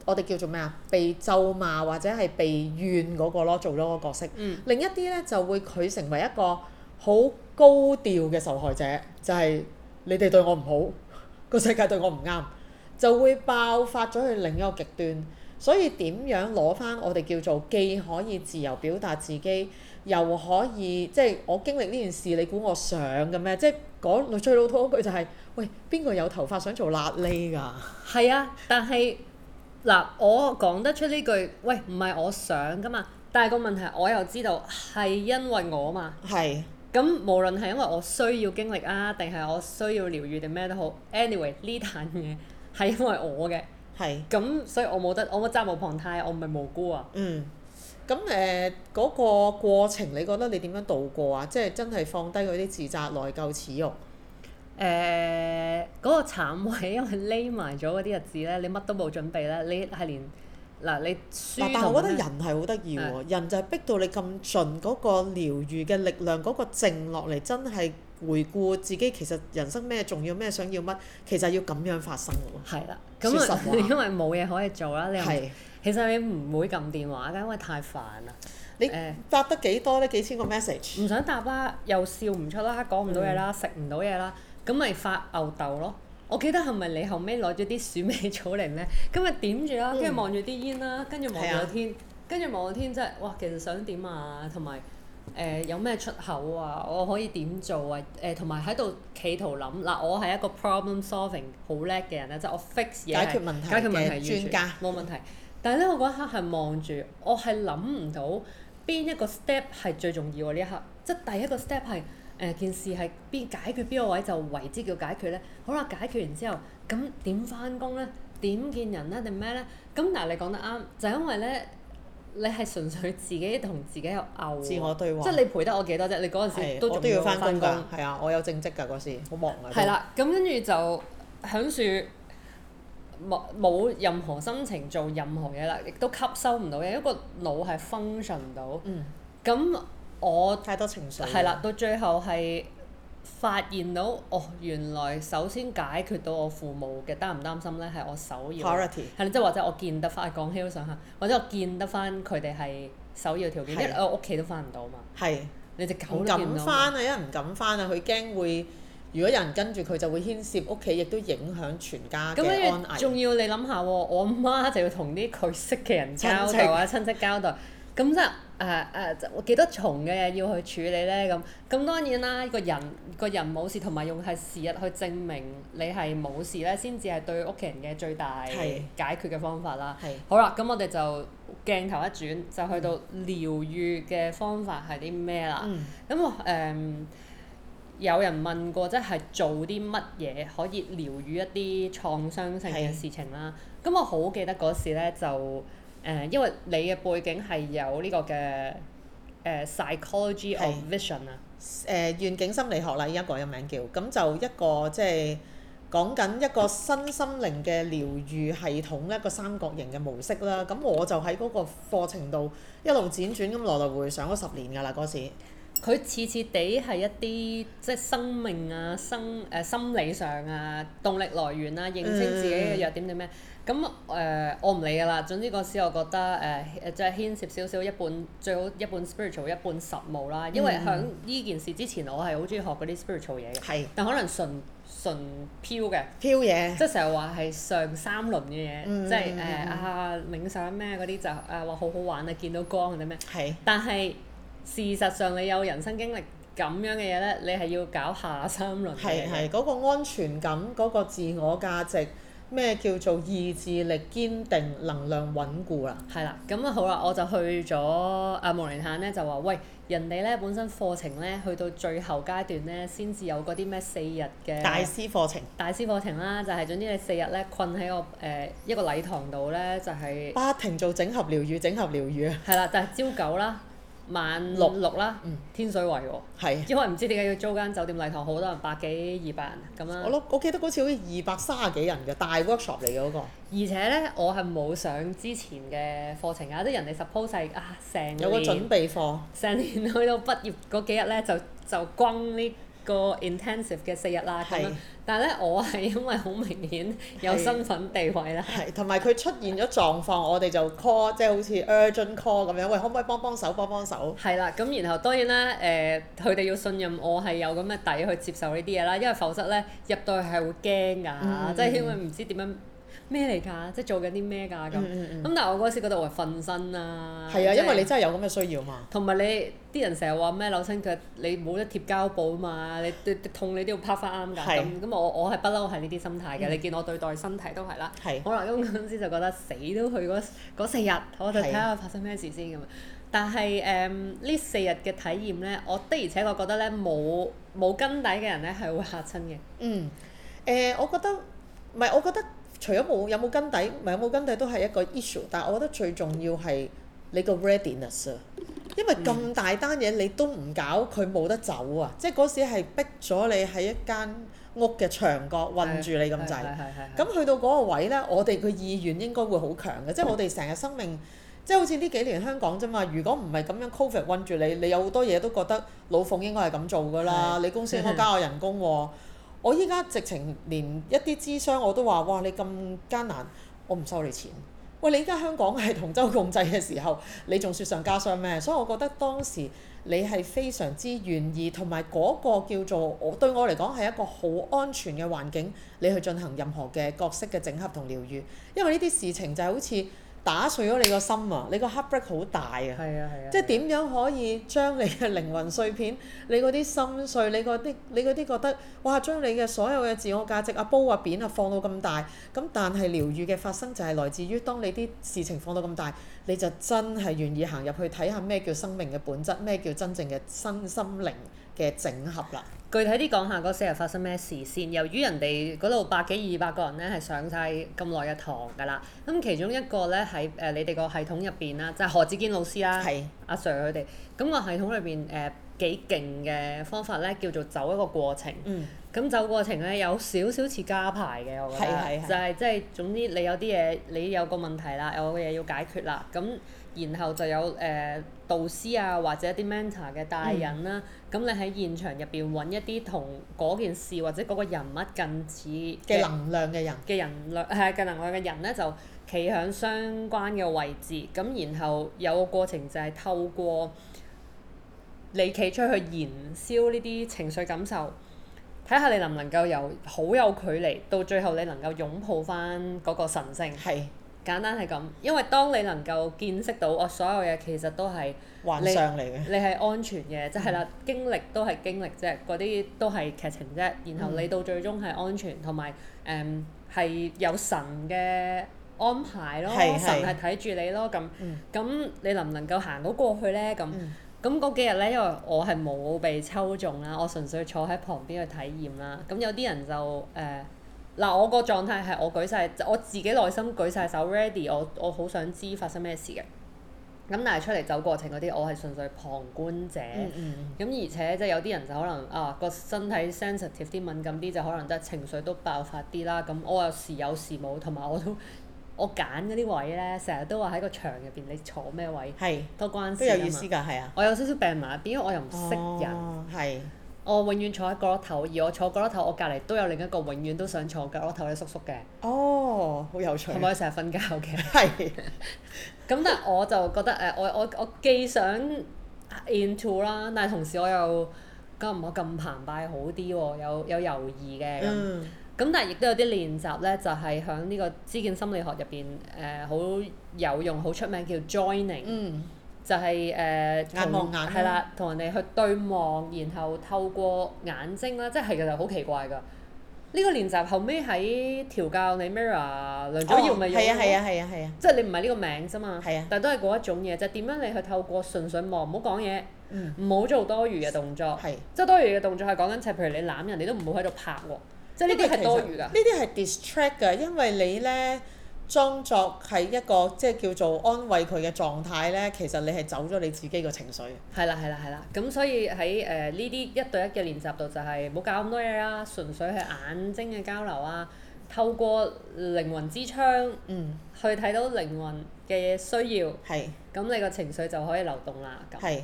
我哋叫做咩啊？被咒罵或者係被怨嗰個咯，做咗個角色。嗯、另一啲呢，就會佢成為一個好高調嘅受害者，就係你哋對我唔好，個世界對我唔啱，就會爆發咗去另一個極端。所以點樣攞返我哋叫做既可以自由表達自己？又可以即係我經歷呢件事，你估我想嘅咩？即係講最老土嗰句就係、是：喂，邊個有頭髮想做癩痢？㗎係 啊！但係嗱，我講得出呢句喂，唔係我想㗎嘛。但係個問題，我又知道係因為我嘛。係是。咁無論係因為我需要經歷啊，定係我需要療癒定咩都好，anyway 呢單嘢係因為我嘅。係是。咁所以我冇得，我冇責無旁貸，我唔係無辜啊。嗯。嗯。咁誒嗰個過程，你覺得你點樣度過啊？即係真係放低嗰啲自責、內疚、恥辱。誒、欸，嗰、嗰個慘位，因為匿埋咗嗰啲日子咧，你乜都冇準備咧，你係連嗱、啊、你輸，但我覺得人係好得意喎，的人就係逼到你咁盡嗰、嗰個療愈嘅力量，嗰、嗰個靜落嚟，真係回顧自己其實人生咩重要咩想要乜，其實要咁樣發生嘅喎。係啦，咁因為冇嘢可以做啦，你又。其實你唔會撳電話㗎，因為太煩啦。你誒答得幾多呢？欸、幾千個 message。唔想答啦，又笑唔出啦，講唔到嘢啦，食唔到嘢啦，咁咪發吽哣咯。我記得係咪你後尾攞咗啲鼠尾草嚟咩？咁咪點住啦，跟住望住啲煙啦，跟住望個天，跟住望個天，真係哇！其實想點啊？同埋誒有咩、呃、出口啊？我可以點做啊？誒同埋喺度企圖諗嗱，我係一個 problem solving 好叻嘅人咧，即、就、係、是、我 fix 嘢，解決問題，解決問題專家，冇問題。但係咧，我嗰一刻係望住，我係諗唔到邊一個 step 係最重要喎。呢一刻，即係第一個 step 係誒件事係邊解決邊個位就為之叫解決咧。好啦，解決完之後，咁點翻工咧？點見人咧？定咩咧？咁嗱，你講得啱，就係、因為咧，你係純粹自己同自己有拗，自我對話。即係你陪得我幾多啫？你嗰陣時都仲係要翻工㗎。係啊，我有正職㗎嗰時。好、那個、忙啊！係啦，咁跟住就響樹。冇冇任何心情做任何嘢啦，亦都吸收唔到嘢，一個腦係 function 唔到。嗯。咁我太多情緒。係啦，到最後係發現到哦，原來首先解決到我父母嘅擔唔擔心咧，係我首要。Priority 係啦，即係或者我見得翻講起都想吓，或者我見得翻佢哋係首要條件，的因為我屋企都翻唔到嘛。係的。你隻狗見到。唔的敢翻啊！因為唔敢翻啊！佢驚會。如果有人跟住佢，就會牽涉屋企，亦都影響全家嘅安危。仲 要你諗下喎，我媽就要同啲佢識嘅人交代呀，親戚， 親戚交代。咁即係誒、是、誒，幾多重嘅嘢要去處理咧？咁咁當然啦，個人個人冇事，同埋用係時日去證明你係冇事咧，先至係對屋企人嘅最大解決嘅方法啦。是好啦，咁我哋就鏡頭一轉，mm. 就去到療愈嘅方法係啲咩啦？咁、mm. 我、嗯有人問過，即係做啲乜嘢可以療愈一啲創傷性嘅事情啦？咁是的 我好記得嗰時咧就誒、呃，因為你嘅背景係有呢個嘅誒、呃、psychology of vision 啊，誒、呃、願景心理學啦，依家改咗名叫，咁就一個即係講緊一個身心靈嘅療愈系統、嗯、一個三角形嘅模式啦。咁我就喺嗰個課程度一路輾轉咁來來回回上咗十年㗎啦，嗰時。佢次次地係一啲即係生命啊、生誒、呃、心理上啊、動力來源啊，認清自己嘅弱點點咩？咁、嗯、誒、呃、我唔理㗎啦。總之嗰時我覺得誒誒即係牽涉少少一半，呃 ile, 嗯、最好一半 spiritual 一半實務啦。因為喺呢件事之前，我係好鍾意學嗰啲 spiritual 嘢嘅、嗯。係。但可能純純飄嘅。飄嘢。即係成日話係上三輪嘅嘢，嗯嗯、即係誒啊冥想咩嗰啲就誒話好好玩啊，見到光或者咩。係。Dabei、Whoops, 但係。事實上，你有人生經歷咁樣嘅嘢呢，你係要搞下三輪嘅。係係嗰個安全感，嗰、嗰個自我價值，咩叫做意志力堅定、能量穩固啦、啊？係啦，咁啊好啦，我就去咗阿無連坦呢就話喂，人哋呢本身課程呢，去到最後階段呢，先至有嗰啲咩四日嘅大師課程。大師課程啦，就係總之你四日呢，困喺個誒一個禮堂度呢，就係、係、不停做整合療愈，整合療愈啊。係 啦，就係、係、朝九啦。萬六六啦，嗯、天水圍喎、哦，是因為唔知點解要租間酒店禮堂，好多人百幾二百人咁樣。我諗我記得嗰次好似二百三十幾人嘅大 workshop 嚟嘅嗰、嗰個。而且咧，我係冇上之前嘅課程啊，即係人哋 suppose 係啊成年有個準備課，成年去到畢業嗰幾日咧就就轟啲。個 intensive 嘅四日啦，咁樣，係，但係咧我係因為好明顯有身份地位啦，係同埋佢出現咗狀況，我哋就 call 即係好似 urgent call 咁樣，喂，可唔可以幫幫手，幫幫手？係啦，咁然後當然啦，誒、呃，佢哋要信任我係有咁嘅底去接受呢啲嘢啦，因為否則咧入到去係會驚㗎，即係、嗯、因為唔知點樣。咩嚟㗎？即係做緊啲咩㗎？咁咁，但係我嗰時覺得我係瞓身啊！係啊，因為你真係有咁嘅需要嘛。同埋你啲人成日話咩扭親腳，你冇得貼膠布啊嘛？你痛你都要啪翻啱㗎。咁咁，我我係不嬲係呢啲心態嘅。你見我對待身體都係啦。可能啦，咁嗰陣時就覺得死都去嗰四日，我就睇下發生咩事先咁。但係誒呢四日嘅體驗咧，我的而且我覺得咧冇冇根底嘅人咧係會嚇親嘅。嗯。誒，我覺得唔係，我覺得。除咗冇有冇根底，唔係有冇根底都係一個 issue，但係我覺得最重要係你個 readiness，啊。因為咁大單嘢、嗯、你都唔搞，佢冇得走啊！即係嗰時係逼咗你喺一間屋嘅牆角韞住你咁滯，咁去到嗰個位呢，我哋嘅意願應該會好強嘅，即係我哋成日生命，即係好似呢幾年香港啫嘛。如果唔係咁樣，COVID 韞住你，你有好多嘢都覺得老奉應該係咁做㗎啦。你公司應該加我人工喎，哦。 我依家直情連一啲諮商我都話：哇！你咁艱難，我唔收你錢。喂，你依家香港係同舟共濟嘅時候，你仲雪上加霜咩？所以我覺得當時你係非常之願意，同埋嗰個叫做我對我嚟講係一個好安全嘅環境，你去進行任何嘅角色嘅整合同療癒。因為呢啲事情就好似。打碎咗你個心啊！你個 heartbreak 好大啊！啊啊啊，即係點樣可以將你嘅靈魂碎片、你嗰啲心碎、你嗰啲、你嗰啲覺得，哇！將你嘅所有嘅自我價值、啊、煲啊扁啊放到咁大，咁但係療愈嘅發生就係來自於，當你啲事情放到咁大，你就真係願意行入去睇下咩叫生命嘅本質，咩叫真正嘅身心靈嘅整合啦。具體啲講下嗰四日發生咩事先。由於人哋嗰度百幾二百個人咧係上晒咁耐嘅堂㗎啦，咁其中一個咧喺誒你哋個系統入邊啦，就係何志堅老師啦，係阿 sir 佢哋，咁個系統裏邊誒幾勁嘅方法咧叫做走一個過程。咁、嗯、走過程咧有少少似加排嘅我覺得，就係即係總之你有啲嘢你有個問題啦，有個嘢要解決啦，咁。然後就有誒、呃、導師啊，或者啲 mentor 嘅大人啦、啊。咁、嗯、你喺現場入邊揾一啲同嗰件事或者嗰個人物近似嘅能量嘅人，嘅人量係啊，嘅能量嘅人呢，就企響相關嘅位置。咁然後有個過程就係透過你企出去燃燒呢啲情緒感受，睇下你能唔能夠由好有距離，到最後你能夠擁抱翻嗰個神性。係。簡單係咁，因為當你能夠見識到我、哦、所有嘢，其實都係幻想嚟嘅。你係安全嘅，即係啦，嗯、經歷都係經歷啫，嗰啲都係劇情啫。然後你到最終係安全，同埋誒係有神嘅安排咯，是是神係睇住你咯。咁咁、嗯、你能唔能夠行到過去咧？咁咁嗰幾日咧，因為我係冇被抽中啦，我純粹坐喺旁邊去體驗啦。咁有啲人就誒。呃嗱，我個狀態係我舉晒，我自己內心舉晒手 ready，我我好想知發生咩事嘅。咁但係出嚟走過程嗰啲，我係純粹旁觀者。嗯嗯嗯。咁而且即係有啲人就可能啊個身體 sensitive 啲敏感啲，就可能得情緒都爆發啲啦。咁我有時有時冇，同埋我都我揀嗰啲位呢，成日都話喺個場入邊你坐咩位係是都關係都有意思㗎，係啊。我有少少病埋一邊，因為我又唔識人。哦，係。我永遠坐喺角落頭，而我坐角落頭，我隔籬都有另一個永遠都想坐角落頭嘅叔叔嘅。哦，好有趣。係咪成日瞓覺嘅？係的。咁 但係我就覺得誒，我我我既想 into 啦，但係同時我又咁唔好咁澎湃好啲喎，有有猶豫嘅咁。咁、嗯、但係亦都有啲練習咧，就係響呢個知見心理學入邊誒，好、呃、有用、好出名叫 joining、嗯。就係、是呃、眼望眼，係啦，同人哋去對望，然後透過眼睛啦，即係其實好奇怪㗎。呢、這個練習後尾喺調教你 Mirror 梁祖耀咪啊，啊，啊，係啊，啊即係你唔係呢個名啫嘛。係啊，但係都係嗰一種嘢啫。點樣你去透過純粹望，唔好講嘢，唔好、嗯、做多餘嘅動作。係是，即係多餘嘅動作係講緊，就係譬如你攬人，你都唔好喺度拍喎。因為 即係呢啲係多餘㗎。呢啲係 distract 㗎因為你咧。裝作係一個即係叫做安慰佢嘅狀態呢。其實你係走咗你自己嘅情緒。係啦，係啦，係啦。咁所以喺誒呢啲一對一嘅練習度就係唔好搞咁多嘢啦，純粹係眼睛嘅交流啊，透過靈魂之窗，嗯，去睇到靈魂嘅需要，係的。咁你個情緒就可以流動啦。係。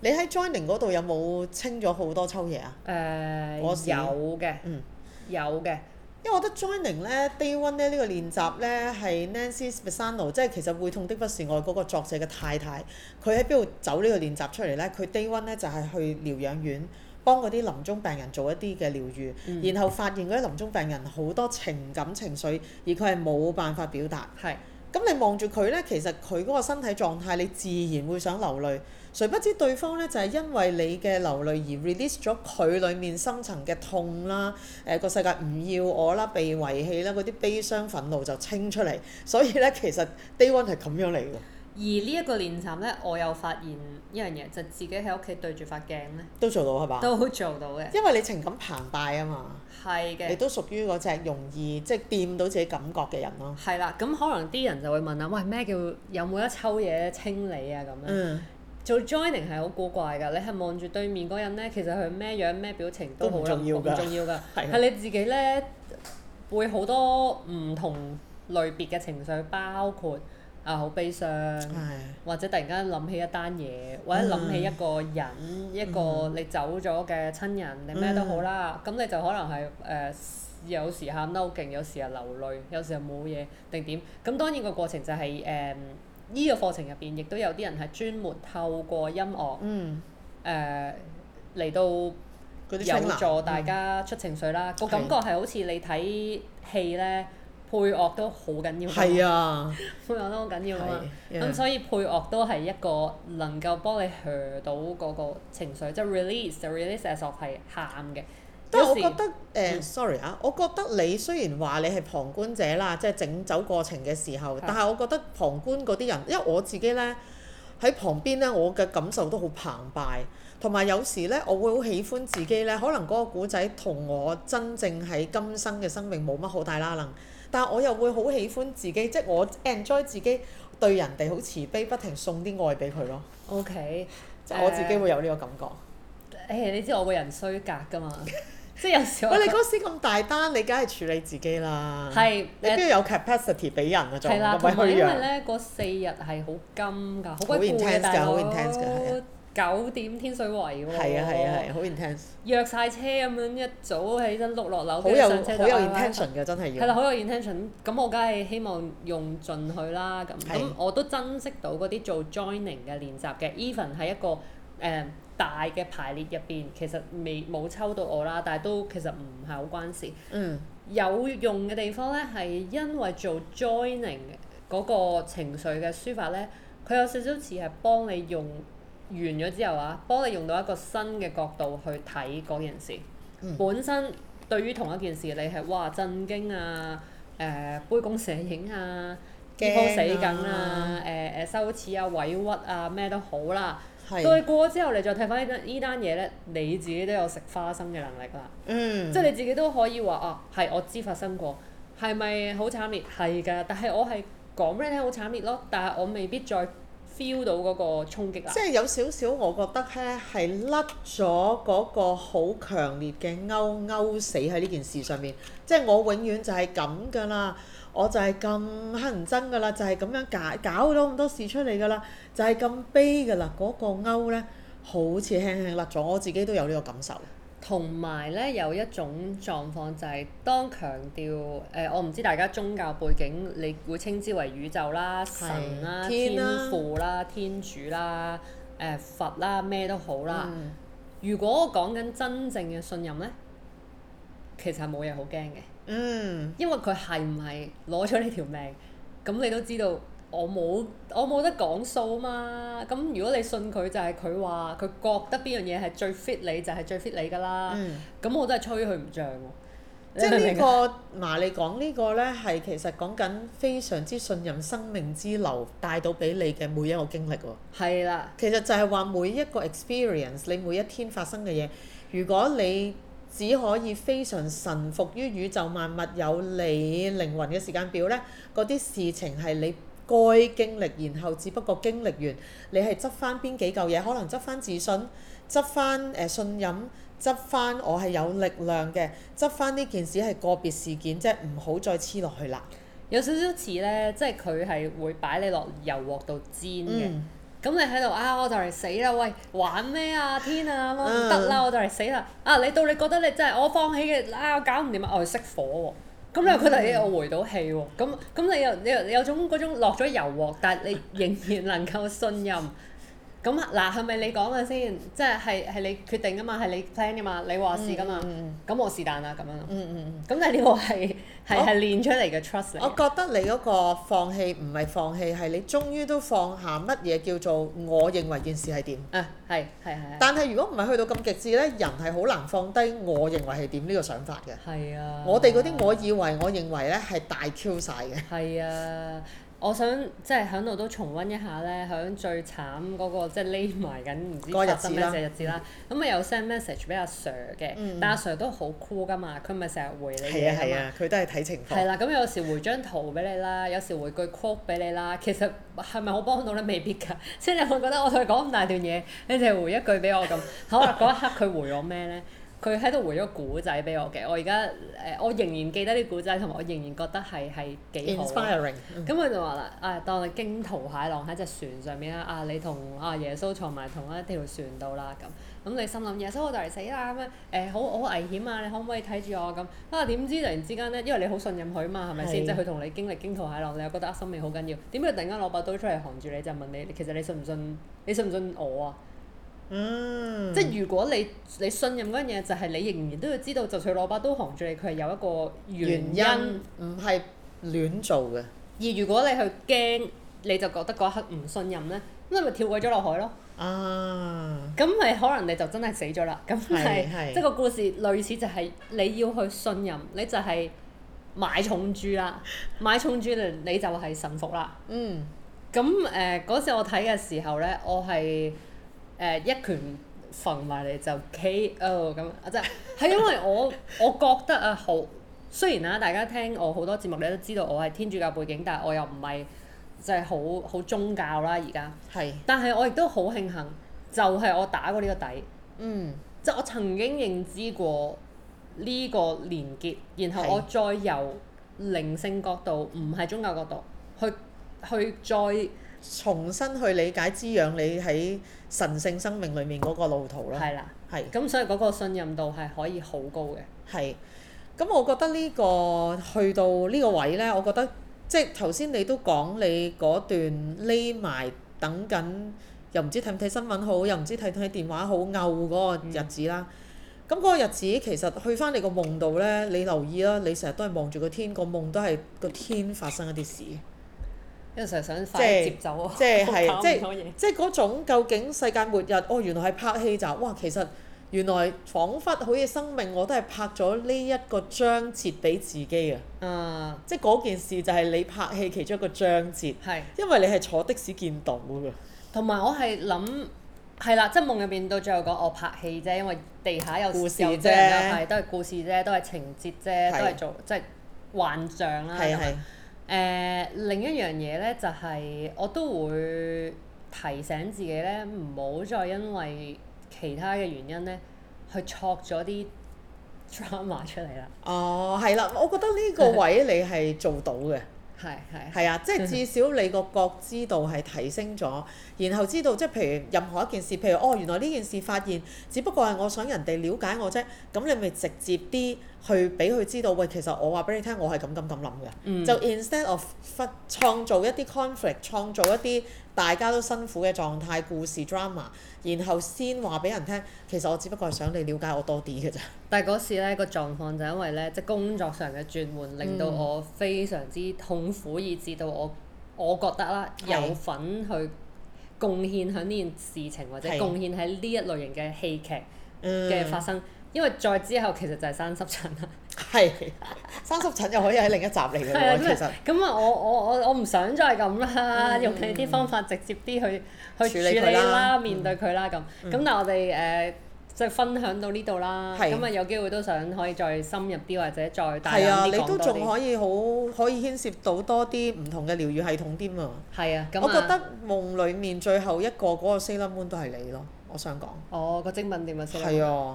你喺 Joining 嗰度有冇清咗好多抽嘢啊？呃、我指有嘅，嗯，有嘅。因為我覺得 journey 咧 day one 咧呢、呢個練習咧係 Nancy McSano，即係其實會痛的不是愛嗰個作者嘅太太，佢喺邊度走呢個練習出嚟咧？佢 day one 咧就係、是、去療養院幫嗰啲臨終病人做一啲嘅療愈，嗯、然後發現嗰啲臨終病人好多情感情緒，而佢係冇辦法表達。係是，咁你望住佢咧，其實佢嗰個身體狀態，你自然會想流淚。誰不知對方咧就係、是、因為你嘅流淚而 release 咗佢裡面深層嘅痛啦，誒、呃、個世界唔要我啦，被遺棄啦，嗰啲悲傷憤怒就清出嚟。所以咧，其實 day one 係咁樣嚟嘅。而呢一個練習咧，我又發現一樣嘢，就是、自己喺屋企對住塊鏡咧，都做到係嘛？都做到嘅。因為你情感澎湃啊嘛。係嘅的。你都屬於嗰隻容易即係掂到自己感覺嘅人咯。係啦，咁可能啲人就會問啦：喂、哎，咩叫有冇一抽嘢清理啊？咁樣。嗯。做 joining 係好古怪㗎，你係望住對面嗰人呢，其實佢咩樣咩表情都好啦，好重要㗎。係是的 你自己呢，會好多唔同類別嘅情緒，包括啊好悲傷，是的 或者突然間諗起一單嘢，或者諗起一個人，嗯、一個你走咗嘅親人，你咩都好啦。咁、嗯、你就可能係誒有時喊得好勁，有時又流淚，有時又冇嘢定點。咁當然個過程就係、是、誒。呃呢個課程入邊，亦都有啲人係專門透過音樂，誒嚟、嗯呃、到有助大家出情緒啦。嗯、個感覺係好似你睇戲咧，配樂都好緊要。係啊， 配樂都好緊要啊。咁所以配樂都係一個能夠幫你 h 到嗰個情緒，即係 release、release off 係喊嘅。但係我覺得誒時、呃、sorry 啊，嗯、我覺得你雖然話你係旁觀者啦，即係整走過程嘅時候，嗯、但係我覺得旁觀嗰啲人，因為我自己呢，喺旁邊呢，我嘅感受都好澎湃，同埋有時呢，我會好喜歡自己呢，可能嗰個古仔同我真正喺今生嘅生命冇乜好大拉楞，但係我又會好喜歡自己，即、就、係、是、我 enjoy 自己對人哋好慈悲，不停送啲愛俾佢咯。嗯、OK，即係我自己會有呢個感覺。誒、嗯嗯，你知我個人衰格㗎嘛？ 即係有時，喂！你嗰時咁大單，你梗係處理自己啦。係，你邊有 capacity 俾人啊？仲唔係去啊？係啦，因為咧嗰四日係好金㗎，好鬼攰嘅大佬。九點天水圍喎。係啊係啊係，好 intense。約晒車咁樣，一早起身碌落樓都要上車啦。好有 intention 嘅真係要。係啦，好有 intention，咁我梗係希望用盡佢啦。咁咁我都珍惜到嗰啲做 joining 嘅練習嘅，even 係一個誒，大嘅排列入邊，其實未冇抽到我啦，但係都其實唔係好關事。嗯。有用嘅地方咧，係因為做 joining 嗰個情緒嘅抒發咧，佢有少少似係幫你用完咗之後啊，幫你用到一個新嘅角度去睇嗰件事。嗯、本身對於同一件事，你係哇震驚啊，誒、呃、杯弓蛇影啊，驚啊，誒誒、啊啊呃、羞恥啊，委屈啊，咩都好啦。對是過咗之後，你再睇翻呢單呢單嘢咧，你自己都有食花生嘅能力啦。嗯，即係你自己都可以話啊，係我知發生過，係咪好慘烈？係噶，但係我係講俾你聽好慘烈咯，但係我未必再。feel 到嗰個衝擊啊！即係有少少，我覺得咧係甩咗嗰個好強烈嘅勾勾死喺呢件事上面。即係我永遠就係咁㗎啦，我就係咁乞人憎㗎啦，就係咁樣搞搞咗咁多事出嚟㗎啦，就係咁悲㗎啦。嗰個鈎咧好似輕輕甩咗，我自己都有呢個感受。同埋咧有一種狀況就係當強調誒、呃，我唔知大家宗教背景，你會稱之為宇宙啦、神啦、天啊、天父啦、天主啦、誒、呃、佛啦咩都好啦。嗯、如果講緊真正嘅信任呢，其實係冇嘢好驚嘅。嗯，因為佢係唔係攞咗你條命？咁你都知道。我冇我冇得講數嘛，咁如果你信佢就係佢話佢覺得邊樣嘢係最 fit 你就係、是、最 fit 你㗎啦，咁、嗯、我都係吹佢唔漲喎。即係呢、呢個嗱，你講呢個呢，係其實講緊非常之信任生命之流帶到俾你嘅每一個經歷喎。係啦，其實就係話每一個 experience，你每一天發生嘅嘢，如果你只可以非常臣服於宇宙萬物有你靈魂嘅時間表呢，嗰啲事情係你。該經歷，然後只不過經歷完，你係執翻邊幾嚿嘢？可能執翻自信，執翻誒信任，執翻我係有力量嘅，執翻呢件事係個別事件，即係唔好再黐落去啦。有少少似呢，即係佢係會擺你落油鑊度煎嘅。咁、嗯嗯、你喺度啊，我就嚟死啦！喂，玩咩啊？天啊，唔得啦！我就嚟死啦！啊，你到你覺得你真係我放棄嘅啊，我搞唔掂啊，我去熄火喎。咁你覺得你又回到氣喎？咁咁你又你又你有種嗰種落咗油鑊，但係你仍然能夠信任。 咁啊，嗱，係咪你講嘅先？即係係係你決定㗎嘛，係你 plan 嘅嘛，你話事㗎嘛。咁我是但啦，咁樣。咁但係呢個係係係練出嚟嘅 trust 嚟。我覺得你嗰個放棄唔係放棄，係你終於都放下乜嘢叫做我認為件事係點。啊，係係係。但係如果唔係去到咁極致咧，人係好難放低我認為係點呢個想法嘅。係啊。我哋嗰啲，我以為，我認為咧，係大 Q 曬嘅。係啊。我想即係喺度都重溫一下咧，響最慘嗰、嗰個即係匿埋緊，唔知發生咩事日子啦。咁咪、嗯嗯、有 send message 俾阿 Sir 嘅，嗯、但阿 Sir 都好 cool 噶嘛，佢咪成日回你嘅係嘛？佢都係睇情況。係啦、啊，咁有時回張圖俾你啦，有時回句 quote 俾你啦。其實係咪好幫到咧？未必㗎。即係我覺得我同佢講咁大段嘢，你跟住回一句俾我咁。好啦，嗰一刻佢回我咩咧？佢喺度回咗古仔俾我嘅，我而家誒我仍然記得啲古仔，同埋我仍然覺得係係幾好，啊。咁佢、嗯、就話啦，哎，啊當你驚濤駭浪喺隻船上面啦，啊你同阿耶穌坐埋同一條船度啦咁，咁你心諗耶穌我就嚟死啦咁樣，誒、欸、好好危險啊，你可唔可以睇住我咁？啊點知突然之間咧，因為你好信任佢嘛，係咪先？是即係佢同你經歷驚濤駭浪，你又覺得啊，生命好緊要。點解突然間攞把刀出嚟扛住你，就問你，其實你，你信唔信，信？你信唔信，信我啊？嗯，即係如果你你信任嗰樣嘢，就係你仍然都要知道，就算攞把刀行住你，佢係有一個原因，唔係亂做嘅。而如果你去驚，你就覺得嗰一刻唔信任呢，咁你咪跳鬼咗落海咯。啊！咁咪可能你就真係死咗啦。咁係即係個故事類似就係你要去信任，你就係買重注啦， 買重注你就係臣服啦。嗯。咁誒嗰時我睇嘅時候呢，我係～誒、uh, 一拳揈埋嚟就 KO 咁啊，真、就、係、是、因為我我覺得啊，好雖然啊，大家聽我好多節目你都知道我係天主教背景，但係我又唔係就係好好宗教啦。而家係，是但係我亦都好慶幸，就係、是、我打過呢個底。嗯，即係我曾經認知過呢個連結，然後我再由靈性角度，唔係宗教角度去去再重新去理解、滋養你喺神聖生命裏面嗰個路途啦，係啦，係。咁所以嗰個信任度係可以好高嘅。係。咁我覺得呢個去到呢個位呢，我覺得即係頭先你都講你嗰段匿埋等緊，又唔知睇唔睇新聞好，又唔知睇唔睇電話好，拗嗰個日子啦。嗯。咁嗰個日子其實去翻你個夢度呢，你留意啦，你成日都係望住個天，個夢都係個天發生一啲事。因為成日想快接走啊，好慘咗嘢。即係嗰種究竟世界末日哦，原來係拍戲咋？嘩！其實原來彷彿好似生命，我都係拍咗呢一個章節俾自己啊。啊！即係嗰件事就係你拍戲其中一個章節。係。因為你係坐的士見到㗎。同埋我係諗，係啦，即係夢入邊到最後講我拍戲啫，因為地下有故事啫，係都係故事啫，都係情節啫，都係做即係幻象啦。係係。誒、呃、另一樣嘢咧，就係、是、我都會提醒自己咧，唔好再因為其他嘅原因咧，去戳咗啲 drama 出嚟啦。哦，係啦，我覺得呢個位你係做到嘅。 係係係啊！即係至少你個覺知度係提升咗， 然後知道即係譬如任何一件事，譬如哦，原來呢件事發現，只不過係我想人哋了解我啫。咁你咪直接啲去俾佢知道，喂，其實我話俾你聽，我係咁咁咁諗嘅。 就 instead of 創造一啲 conflict，創造一啲。.大家都辛苦嘅狀態故事 drama，然後先話俾人聽，其實我只不過係想你了解我多啲嘅咋。但係嗰時咧、呢個狀況就因為咧即係工作上嘅轉換，令到我非常之痛苦，以，以至到我我覺得啦是有份去貢獻喺呢件事情或者貢獻喺呢一類型嘅戲劇嘅發生，嗯、因為再之後其實就係生濕疹啦。係，生濕疹又可以喺另一集嚟嘅啊。其實咁啊，我我我我唔想再咁啦，用你啲方法直接啲去去處理啦，面對佢啦咁。咁但係我哋誒即係分享到呢度啦。咁啊，有機會都想可以再深入啲，或者再大啲啊，你都仲可以好可以牽涉到多啲唔同嘅療愈系統添啊。係啊，我覺得夢裡面最後一個嗰個 sleeping man 都係你咯，我想講。哦，個精品點啊 sleeping man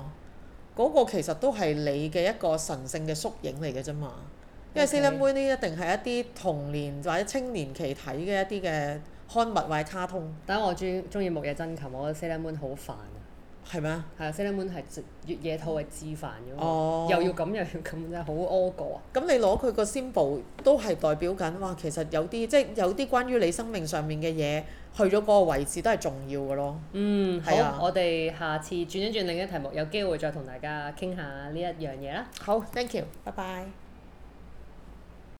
嗰個其實都係你嘅一個神聖嘅縮影嚟嘅啫嘛，因為 Sailor Moon 呢一定係一啲童年或者青年期睇嘅一啲嘅刊物或者卡通。但係我最中意木野真琴，我覺得 Sailor Moon 好煩啊。係咩？係啊，Sailor Moon 係月野兔係自煩嘅，又要咁又要咁，真係好屙過啊！咁你攞佢個 symbol 都係代表緊，哇！其實有啲即係有啲關於你生命上面嘅嘢。去咗嗰個位置都係重要嘅咯。嗯，係啊，好，我哋下次轉一轉另一個題目，有機會再同大家傾下呢一樣嘢啦。好，thank you，拜拜。